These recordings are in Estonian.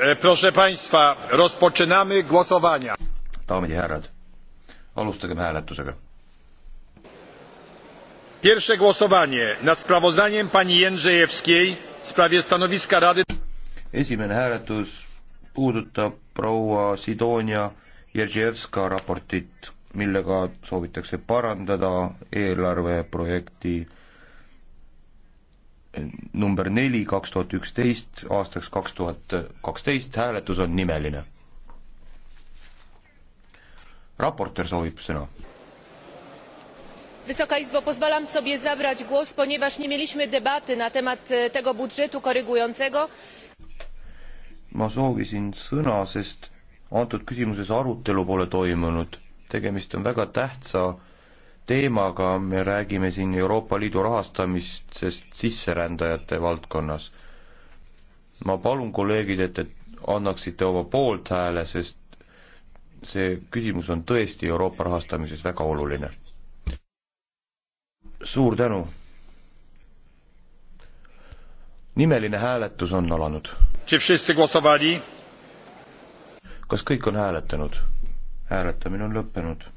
E, proszę Państwa, rozpoczynamy głosowania. Daamid ja härrad, alustagem hääletusega. Pierwsze głosowanie nad sprawozdaniem pani Jędrzejewskiej w sprawie stanowiska Rady. Esimene hääletus puudutab proua Sidonia Jędrzejewska raportit, millega soovitakse parandada eelarveprojekti number neli kaks tuhat üksteist aastaks kaks tuhat kaksteist, hääletus on nimeline. raportöör soovib sõna. Wysoka Izbo, pozwalam sobie zabrać głos, ponieważ nie mieliśmy debaty na temat e, tego budżetu korygującego. ma soovisin sõna, sest antud küsimuses arutelu pole toimunud. tegemist on väga tähtsa teemaga, me räägime siin Euroopa Liidu rahastamisest sisserändajate valdkonnas. ma palun, kolleegid, et, et annaksite oma poolthääle, sest see küsimus on tõesti Euroopa rahastamises väga oluline. suur tänu! nimeline hääletus on alanud. kas kõik on hääletanud? hääletamine on lõppenud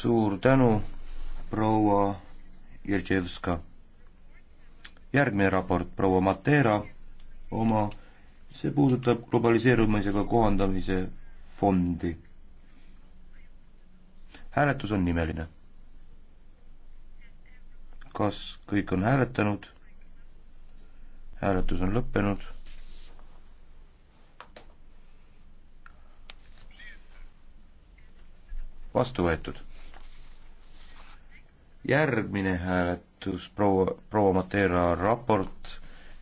suur tänu, proua Jertševska. järgmine raport, proua Matera oma, see puudutab globaliseerumisega kohandamise fondi. hääletus on nimeline. kas kõik on hääletanud? hääletus on lõppenud. vastu võetud järgmine hääletus, proua, proua Matera raport,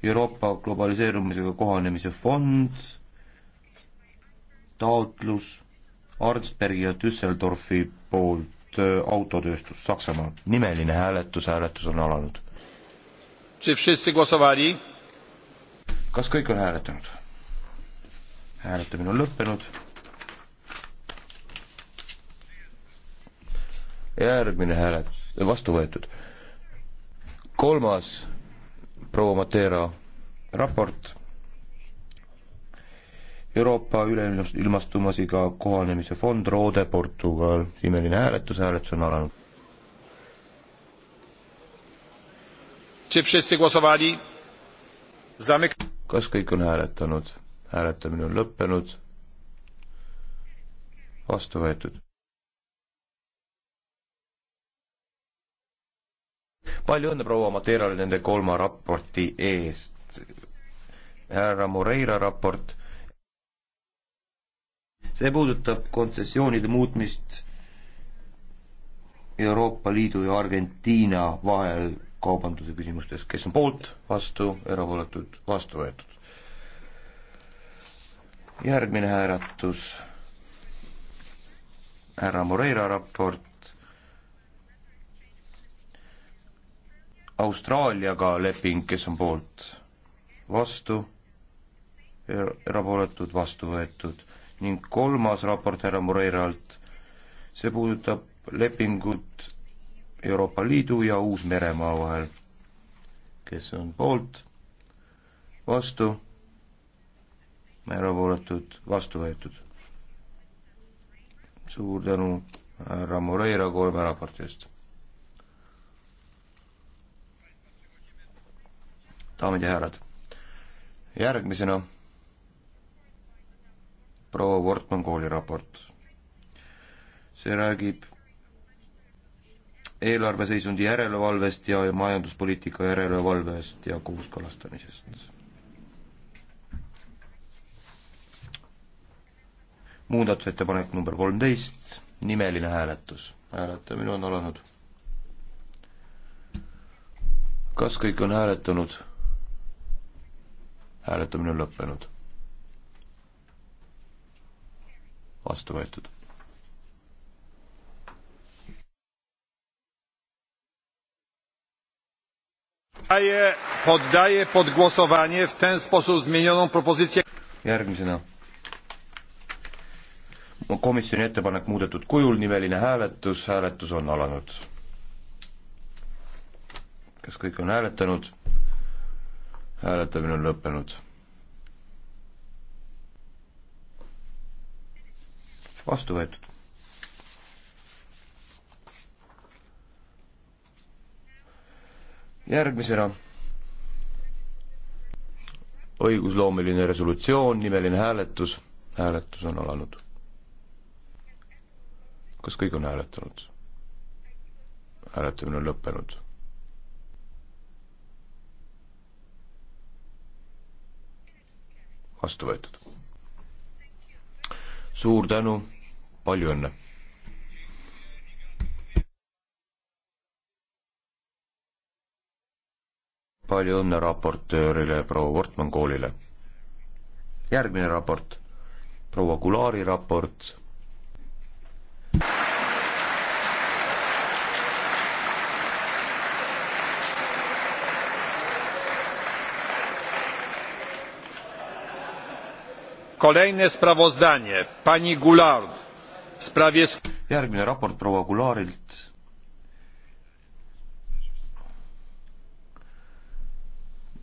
Euroopa globaliseerumisega kohanemise fond, taotlus Arnsbergi ja Düsseldorfi poolt äh, autotööstus Saksamaal. nimeline hääletus, hääletus on alanud. kas kõik on hääletanud? hääletamine on lõppenud järgmine hääle-, vastu võetud. kolmas proua Matera raport Euroopa üleilmastumasiga kohanemise fond Roode Portugal, imeline hääletus, hääletus on alanud. kas kõik on hääletanud? hääletamine on lõppenud. vastu võetud. palju õnne, proua Materjal, nende kolma raporti eest. härra Moreira raport, see puudutab kontsessioonide muutmist Euroopa Liidu ja Argentiina vahel kaubanduse küsimustes, kes on poolt, vastu, erapooletud, vastu võetud. järgmine hääletus, härra Moreira raport, Austraaliaga leping, kes on poolt, vastu, erapooletud, vastu võetud ning kolmas raport härra Moreiralt, see puudutab lepingut Euroopa Liidu ja Uus-Meremaa vahel. kes on poolt, vastu, erapooletud, vastu võetud. suur tänu härra Moreira kolme raporti eest daamid ja härrad. järgmisena proua Wortmann kooli raport. see räägib eelarveseisundi järelevalvest ja majanduspoliitika järelevalvest ja kooskõlastamisest. muudatusettepanek number kolmteist, nimeline hääletus. hääletamine on alanud. kas kõik on hääletanud? hääletamine on lõppenud. vastu võetud. Poddaję, poddaję pod głosowanie w ten sposób zmienioną propozycję. Järgmisena komisjoni ettepanek muudetud kujul, nimeline hääletus, hääletus on alanud. kas kõik on hääletanud? hääletamine on lõppenud. vastu võetud. järgmisena õigusloomeline resolutsioon, nimeline hääletus, hääletus on alanud. kas kõik on hääletanud? hääletamine on lõppenud vastu võetud. suur tänu, palju õnne! palju õnne raportöörile proua Wortmann koolile. järgmine raport, proua Kulaari raport kolejne sprawozdanie pani Goulard w sprawie järgmine raport proua Goularilt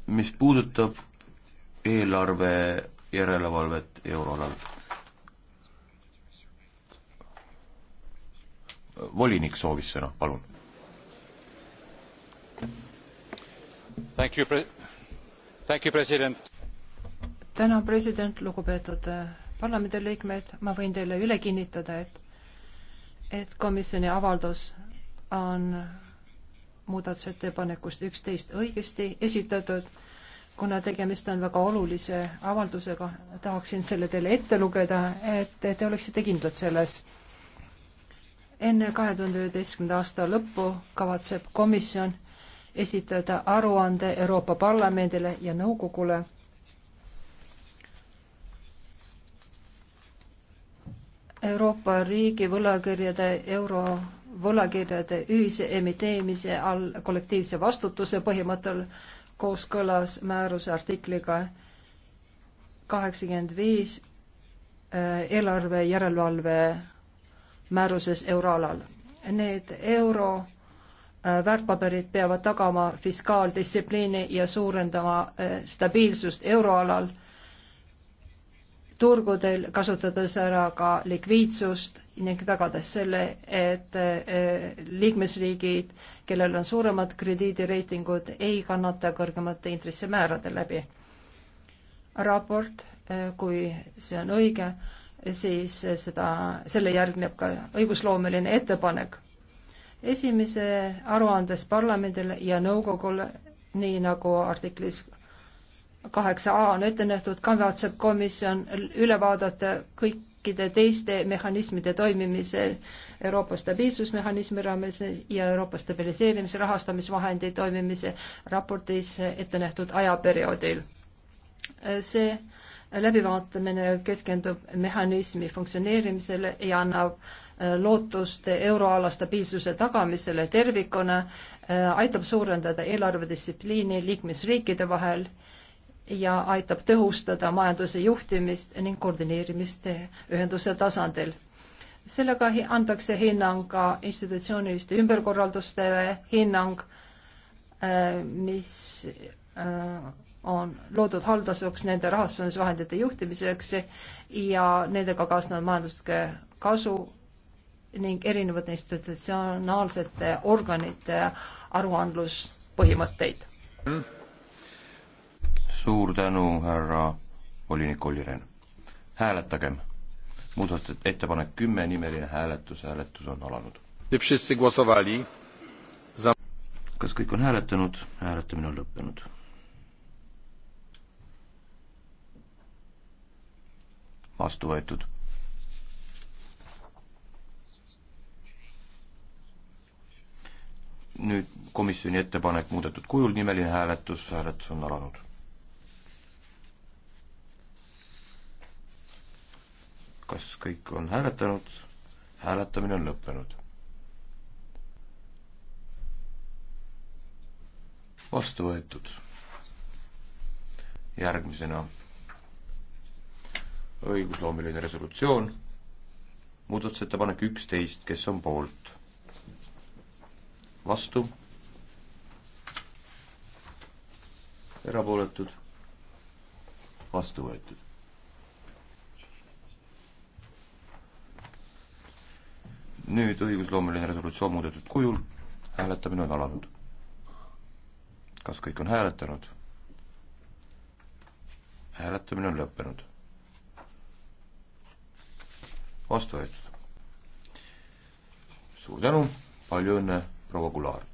mis puudutab eelarve järelevalvet eurolal. volinik soovis sõna, palun. Thank you, pre-, thank you, president täna president, lugupeetud äh, parlamendiliikmed, ma võin teile üle kinnitada, et et komisjoni avaldus on muudatusettepanekust üksteist õigesti esitatud. kuna tegemist on väga olulise avaldusega, tahaksin selle teile ette lugeda, et te oleksite kindlad selles. enne kahe tuhande üheteistkümnenda aasta lõppu kavatseb komisjon esitada aruande Euroopa Parlamendile ja nõukogule Euroopa riigi võlakirjade, eurovõlakirjade ühise emiteerimise all kollektiivse vastutuse põhimõttel kooskõlas määruse artikliga kaheksakümmend viis eh, eelarve järelevalve määruses euroalal. Need euro eh, väärtpaberid peavad tagama fiskaaldistsipliini ja suurendama eh, stabiilsust euroalal turgudel, kasutades ära ka likviidsust ning tagades selle, et eh, liikmesriigid, kellel on suuremad krediidireitingud, ei kannata kõrgemate intressimäärade läbi. raport, eh, kui see on õige, siis seda, selle järgneb ka õigusloomeline ettepanek. esimese aruandes parlamendile ja nõukogule, nii nagu artiklis kaheksa A on ette nähtud, kavatseb komisjon üle vaadata kõikide teiste mehhanismide toimimise Euroopa stabiilsusmehhanismi raames ja Euroopa stabiliseerimise rahastamisvahendi toimimise raportis ette nähtud ajaperioodil. see läbivaatamine keskendub mehhanismi funktsioneerimisele ja annab äh, lootust euroala stabiilsuse tagamisele tervikuna, äh, aitab suurendada eelarvedistsipliini liikmesriikide vahel äh, ja aitab tõhustada majanduse juhtimist ning koordineerimist ühenduse tasandil. sellega antakse hinnang ka institutsiooniliste ümberkorraldustele, hinnang, äh, mis äh, on loodud haldasuks nende rahastamisvahendite juhtimiseks ja nendega kaasnev majanduslike kasu ning erinevate institutsionaalsete organite aruandluspõhimõtteid mm suur tänu, härra volinik Olli Rehn. hääletagem. muudatusettepanek kümme, nimeline hääletus, hääletus on alanud. kas kõik on hääletanud? hääletamine on lõppenud. vastu võetud nüüd komisjoni ettepanek muudetud kujul, nimeline hääletus, hääletus on alanud kas kõik on hääletanud? hääletamine on lõppenud. vastu võetud. järgmisena õigusloomeline resolutsioon, muudatusettepanek üksteist, kes on poolt? vastu? erapooletud? vastu võetud. nüüd õigusloomeline resolutsioon muudetud kujul, hääletamine on alanud. kas kõik on hääletanud? hääletamine on lõppenud. vastu võetud. suur tänu, palju õnne, proua Kular!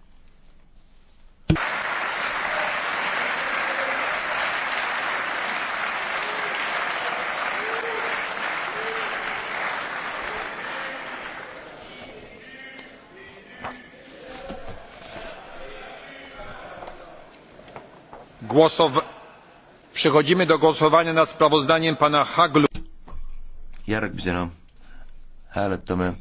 Przechodzimy do głosowania nad sprawozdaniem pana Haglu. Järgmisena hääletame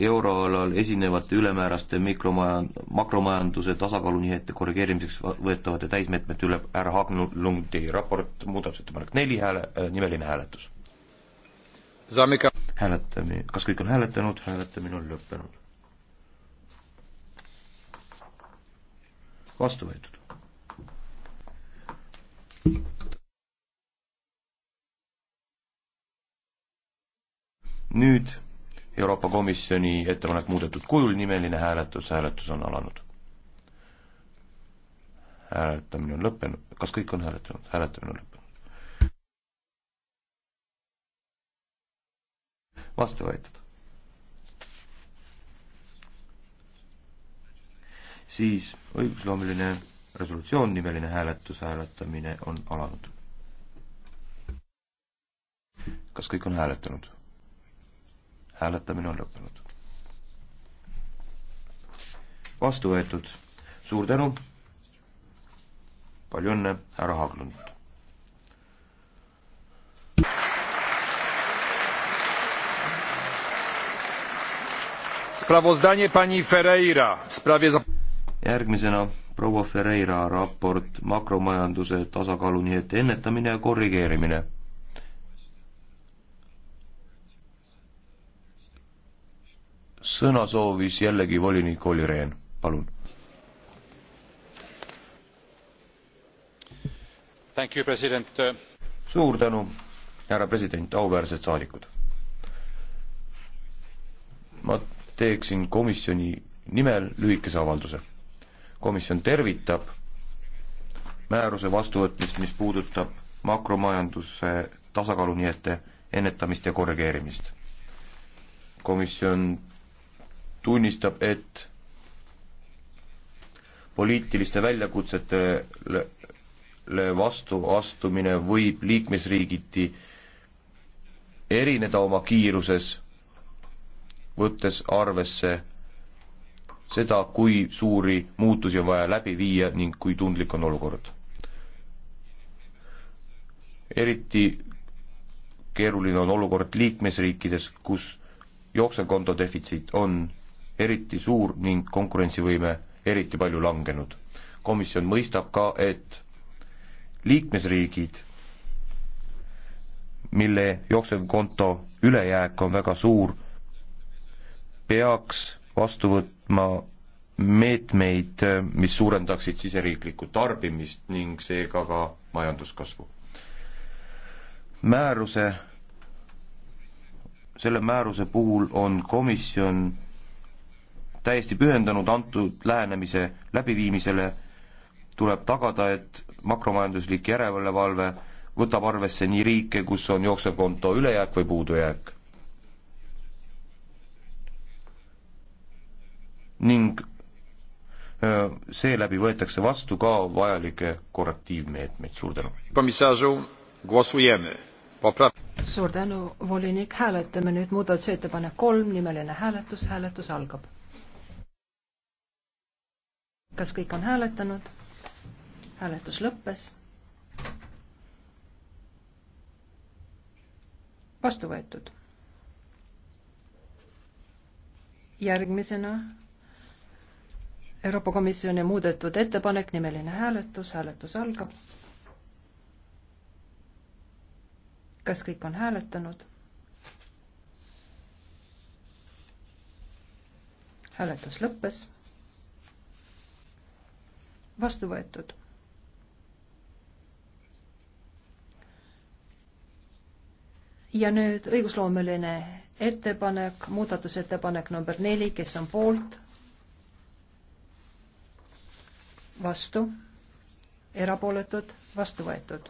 euroalal esinevate ülemääraste mikromajand-, makromajanduse tasakaalunihete korrigeerimiseks võetavate täismeetmete üle härra Haglundi raport, muudatusettepanek neli hääle äh,, nimeline hääletus. hääletame, kas kõik on hääletanud, hääletamine on lõppenud. vastu võetud. nüüd Euroopa Komisjoni ettepanek muudetud kujul, nimeline hääletus, hääletus on alanud. hääletamine on lõppenud, kas kõik on hääletanud, hääletamine on lõppenud. vastu võetud siis õigusloomeline resolutsioon, nimeline hääletus, hääletamine on alanud. kas kõik on hääletanud? hääletamine on lõppenud. vastu võetud, suur tänu, palju õnne, härra Haaglund! sprawozdanie pani ferreira w sprawie järgmisena proua Ferreira raport makromajanduse tasakaaluni ette ennetamine ja korrigeerimine. sõna soovis jällegi volinik Olli Rehn, palun. suur tänu, härra president, auväärsed saadikud. ma teeksin komisjoni nimel lühikese avalduse komisjon tervitab määruse vastuvõtmist, mis puudutab makromajanduse tasakaalunihete ennetamist ja korrigeerimist. komisjon tunnistab, et poliitiliste väljakutsetele vastuastumine võib liikmesriigiti erineda oma kiiruses, võttes arvesse seda, kui suuri muutusi on vaja läbi viia ning kui tundlik on olukord. eriti keeruline on olukord liikmesriikides, kus jooksevkonto defitsiit on eriti suur ning konkurentsivõime eriti palju langenud. komisjon mõistab ka, et liikmesriigid, mille jooksevkonto ülejääk on väga suur, peaks vastu võtma võtma meetmeid, mis suurendaksid siseriiklikku tarbimist ning seega ka majanduskasvu. määruse, selle määruse puhul on komisjon täiesti pühendanud antud lähenemise läbiviimisele, tuleb tagada, et makromajanduslik järelevalve võtab arvesse nii riike, kus on jooksev konto ülejääk või puudujääk ning seeläbi võetakse vastu ka vajalikke korrektiivmeetmeid. suur tänu! suur tänu, volinik, hääletame nüüd muudatusettepanek kolm, nimeline hääletus, hääletus algab. kas kõik on hääletanud? hääletus lõppes. vastu võetud. järgmisena Euroopa Komisjoni muudetud ettepanek, nimeline hääletus, hääletus algab. kas kõik on hääletanud? hääletus lõppes. vastu võetud. ja nüüd õigusloomeline ettepanek, muudatusettepanek number neli, kes on poolt vastu, erapooletud, vastu võetud.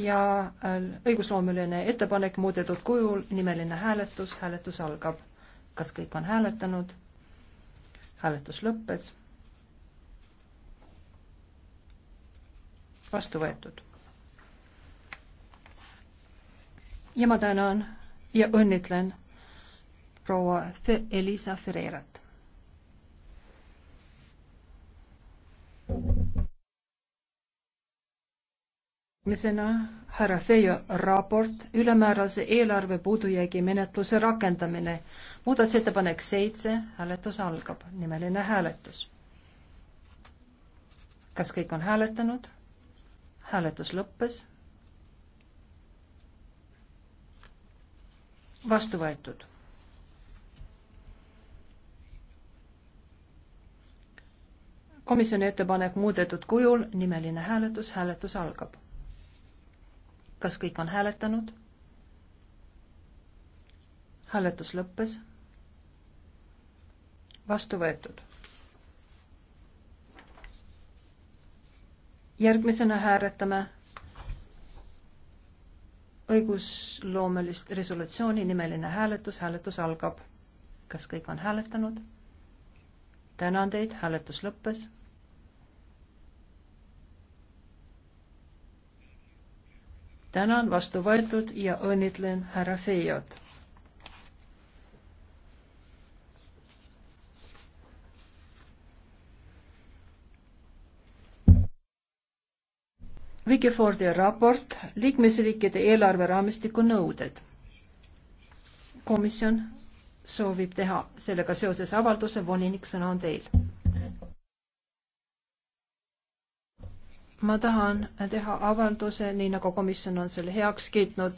ja äh, õigusloomeline ettepanek muudetud kujul, nimeline hääletus, hääletus algab. kas kõik on hääletanud? hääletus lõppes. vastu võetud. ja ma tänan ja õnnitlen proua Elisa Ferreirat. järgmisena härra Feio raport ülemäärase eelarve puudujäägi menetluse rakendamine. muudatusettepanek seitse, hääletus algab, nimeline hääletus. kas kõik on hääletanud? hääletus lõppes. vastu võetud. komisjoni ettepanek muudetud kujul, nimeline hääletus, hääletus algab kas kõik on hääletanud? hääletus lõppes. vastu võetud. järgmisena hääletame õigusloomelist resolutsiooni nimeline hääletus, hääletus algab. kas kõik on hääletanud? tänan teid, hääletus lõppes tänan, vastu võetud ja õnnitlen härra Feiot. Vikifordi raport liikmesriikide eelarveraamistiku nõuded. komisjon soovib teha sellega seoses avalduse, volinik, sõna on teil ma tahan teha avalduse, nii nagu komisjon on selle heaks kiitnud.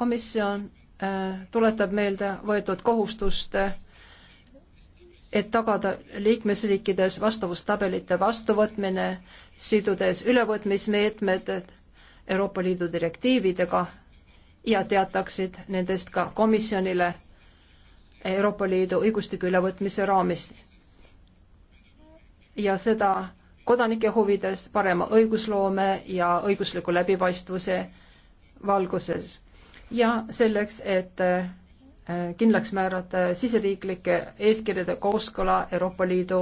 komisjon äh, tuletab meelde võetud kohustuste, et tagada liikmesriikides vastavustabelite vastuvõtmine, sidudes ülevõtmismeetmed Euroopa Liidu direktiividega ja teataksid nendest ka komisjonile Euroopa Liidu õigustiku ülevõtmise raamis. ja seda kodanike huvides, parema õigusloome ja õigusliku läbipaistvuse valguses. ja selleks, et äh, kindlaks määrata siseriiklike eeskirjade kooskõla Euroopa Liidu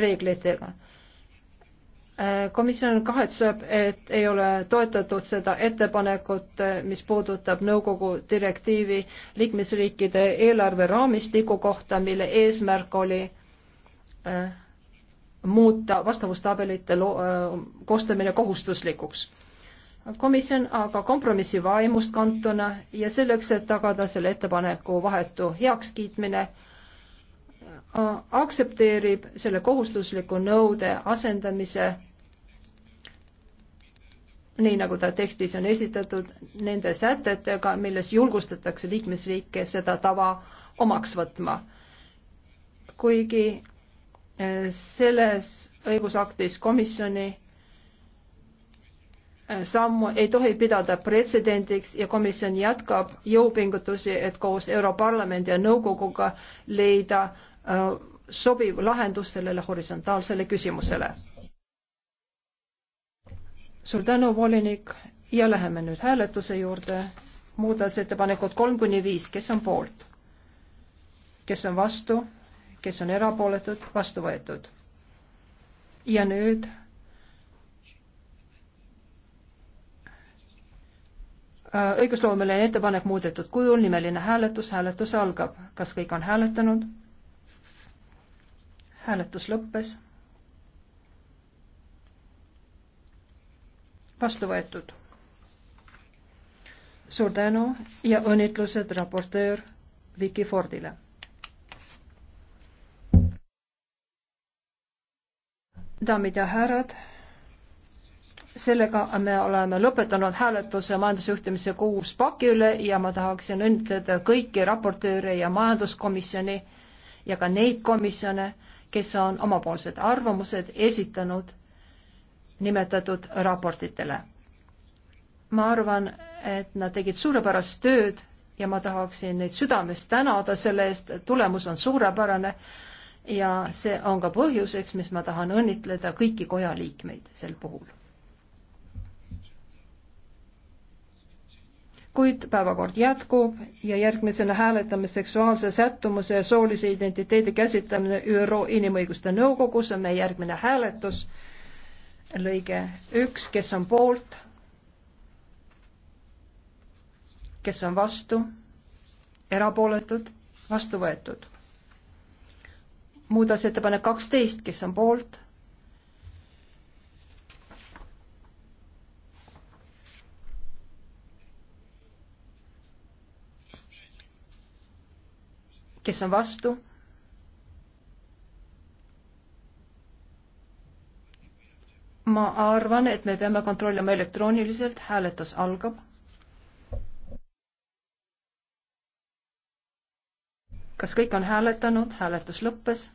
reeglitega. Äh, komisjon kahetseb, et ei ole toetatud seda ettepanekut, äh, mis puudutab nõukogu direktiivi liikmesriikide eelarveraamistiku kohta, mille eesmärk oli äh, muuta vastavustabelite koostamine kohustuslikuks. komisjon aga kompromissi vaimust kantuna ja selleks, et tagada selle ettepaneku vahetu heakskiitmine, aktsepteerib selle kohustusliku nõude asendamise nii nagu ta tekstis on esitatud, nende sätetega, milles julgustatakse liikmesriike seda tava omaks võtma. kuigi selles õigusaktis komisjoni äh, sammu ei tohi pidada pretsedendiks ja komisjon jätkab jõupingutusi, et koos Europarlamendi ja nõukoguga leida äh, sobiv lahendus sellele horisontaalsele küsimusele. suur tänu, volinik ja läheme nüüd hääletuse juurde. muudatusettepanekud kolm kuni viis, kes on poolt? kes on vastu? kes on erapooletud, vastu võetud. ja nüüd äh, õigusloomeline ettepanek muudetud kujul, nimeline hääletus, hääletus algab. kas kõik on hääletanud? hääletus lõppes. vastu võetud. suur tänu ja õnnitlused raportöör Vicky Fordile daamid ja härrad, sellega me oleme lõpetanud hääletuse majandusjuhtimise kuus paki üle ja ma tahaksin õnnitleda kõiki raportööre ja majanduskomisjoni ja ka neid komisjone, kes on omapoolsed arvamused esitanud nimetatud raportitele. ma arvan, et nad tegid suurepärast tööd ja ma tahaksin neid südamest tänada selle eest, tulemus on suurepärane ja see on ka põhjuseks, mis ma tahan õnnitleda kõiki koja liikmeid sel puhul. kuid päevakord jätkub ja järgmisena hääletame seksuaalse sättumuse ja soolise identiteedi käsitlemine ÜRO Inimõiguste Nõukogus on meie järgmine hääletus. lõige üks, kes on poolt, kes on vastu, erapooletud, vastu võetud muudatusettepanek kaksteist, kes on poolt? kes on vastu? ma arvan, et me peame kontrollima elektrooniliselt, hääletus algab. kas kõik on hääletanud, hääletus lõppes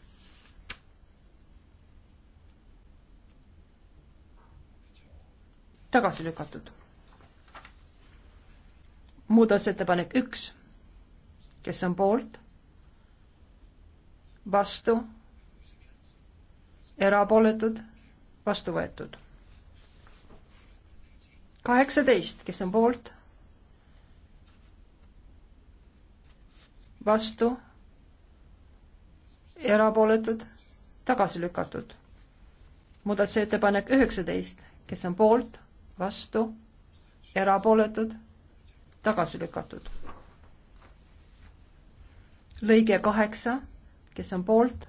tagasi lükatud. muudatusettepanek üks, kes on poolt, vastu, erapooletud, vastu võetud. kaheksateist, kes on poolt, vastu, erapooletud, tagasi lükatud. muudatusettepanek üheksateist, kes on poolt vastu, erapooletud, tagasi lükatud. lõige kaheksa, kes on poolt,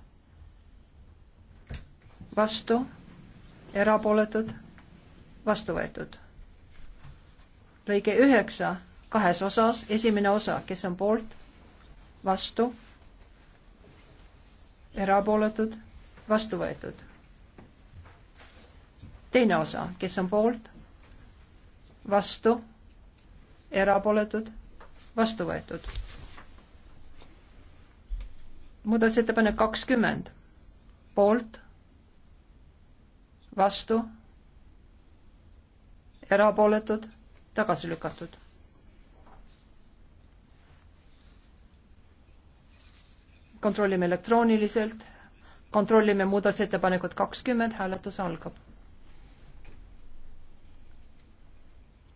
vastu, erapooletud, vastu võetud. lõige üheksa, kahes osas, esimene osa, kes on poolt, vastu, erapooletud, vastu võetud. teine osa, kes on poolt, vastu, erapooletud, vastu võetud. muudatusettepanek kakskümmend, poolt, vastu, erapooletud, tagasi lükatud. kontrollime elektrooniliselt, kontrollime muudatusettepanekut kakskümmend, hääletus algab.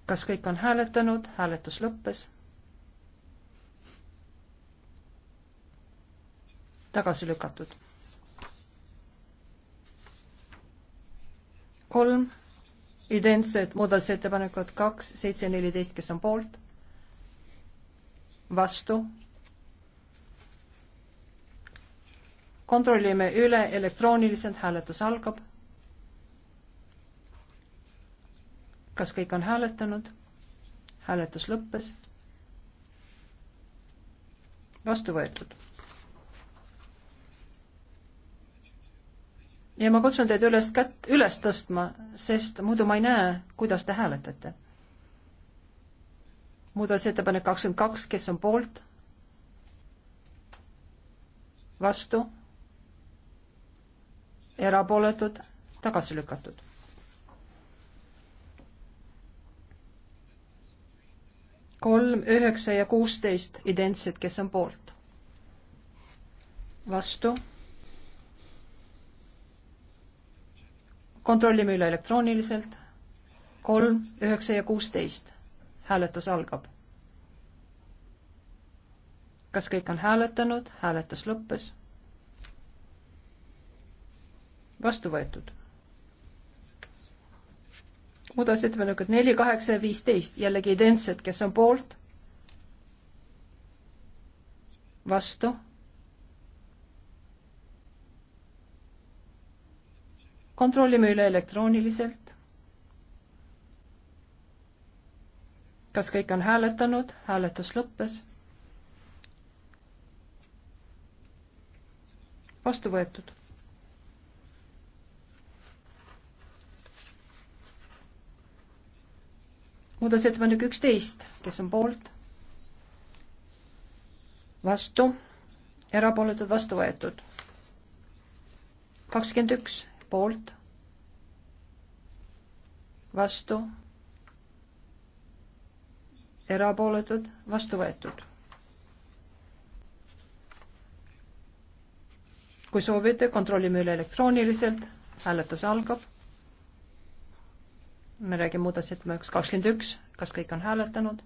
kas kõik on hääletanud, hääletus lõppes. tagasi lükatud. kolm identsed muudatusettepanekud kaks, seitse, neliteist, kes on poolt, vastu. kontrollime üle, elektrooniliselt hääletus algab kas kõik on hääletanud? hääletus lõppes. vastu võetud. ja ma kutsun teid üles kätt üles tõstma, sest muidu ma ei näe, kuidas te hääletate. muudatusettepanek kakskümmend kaks, kes on poolt? vastu? erapooletud? tagasi lükatud? kolm, üheksa ja kuusteist identsed, kes on poolt? vastu. kontrollime üle elektrooniliselt. kolm, üheksa ja kuusteist. hääletus algab. kas kõik on hääletanud? hääletus lõppes. vastu võetud muudatusettepanekud neli, kaheksa ja viisteist, jällegi identsed, kes on poolt? vastu? kontrollime üle elektrooniliselt. kas kõik on hääletanud, hääletus lõppes. vastu võetud muudatusettepanek üksteist, kes on poolt? vastu, erapooletud, vastu võetud. kakskümmend üks poolt, vastu, erapooletud, vastu võetud. kui soovite, kontrollime üle elektrooniliselt, hääletus algab me räägime muudatusettepanekust kakskümmend üks, kas kõik on hääletanud?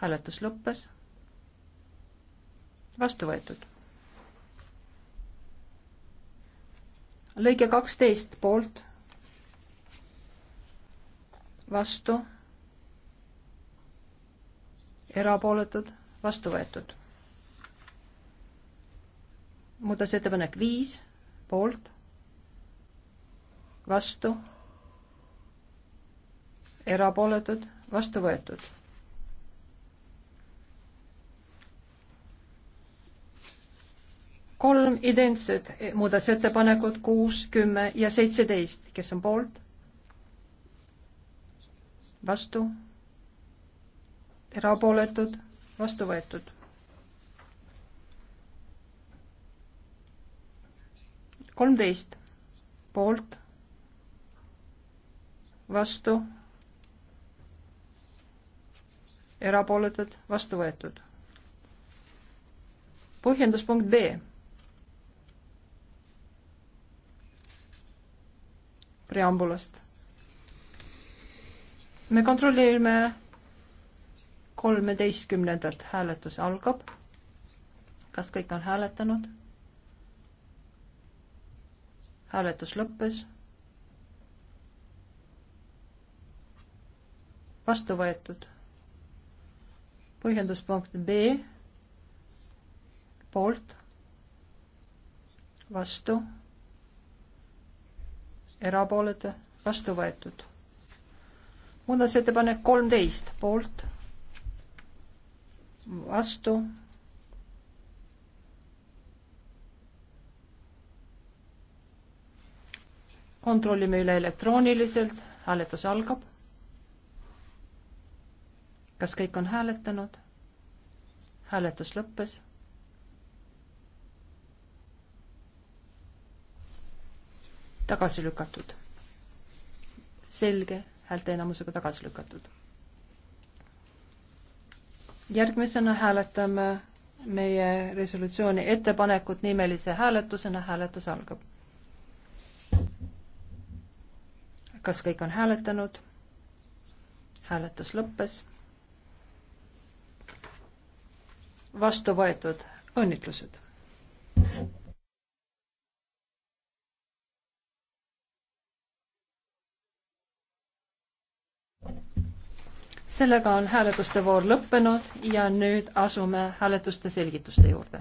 hääletus lõppes. vastu võetud. lõige kaksteist poolt, vastu, erapooletud, vastu võetud. muudatusettepanek viis poolt, vastu erapooletud, vastu võetud. kolm identsed muudatusettepanekut, kuus, kümme ja seitseteist, kes on poolt? vastu, erapooletud, vastu võetud. kolmteist poolt, vastu erapooletud, vastu võetud. põhjendus punkt B. preambulast. me kontrollime kolmeteistkümnendat, hääletus algab. kas kõik on hääletanud? hääletus lõppes. vastu võetud põhjenduspunkt B poolt, vastu, erapooletu, vastu võetud. muudatusettepanek kolmteist poolt, vastu kontrollime üle elektrooniliselt, hääletus algab kas kõik on hääletanud? hääletus lõppes. tagasi lükatud. selge häälteenamusega tagasi lükatud. järgmisena hääletame meie resolutsiooni ettepanekut nimelise hääletusena, hääletus algab. kas kõik on hääletanud? hääletus lõppes vastu võetud, õnnitlused. sellega on hääletuste voor lõppenud ja nüüd asume hääletuste selgituste juurde.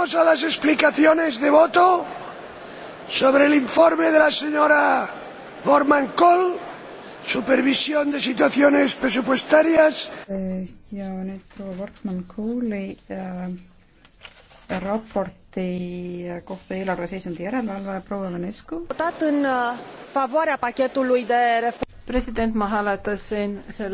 pasamos a las explicaciones de voto sobre el informe de la señora Vorman Koll supervisión de situaciones presupuestarias. Eh, ja nüüd proua Wortmann Kooli äh, raporti äh, kohta eelarve seisundi järelevalve, proua Vanescu. Äh, president, ma hääletasin selle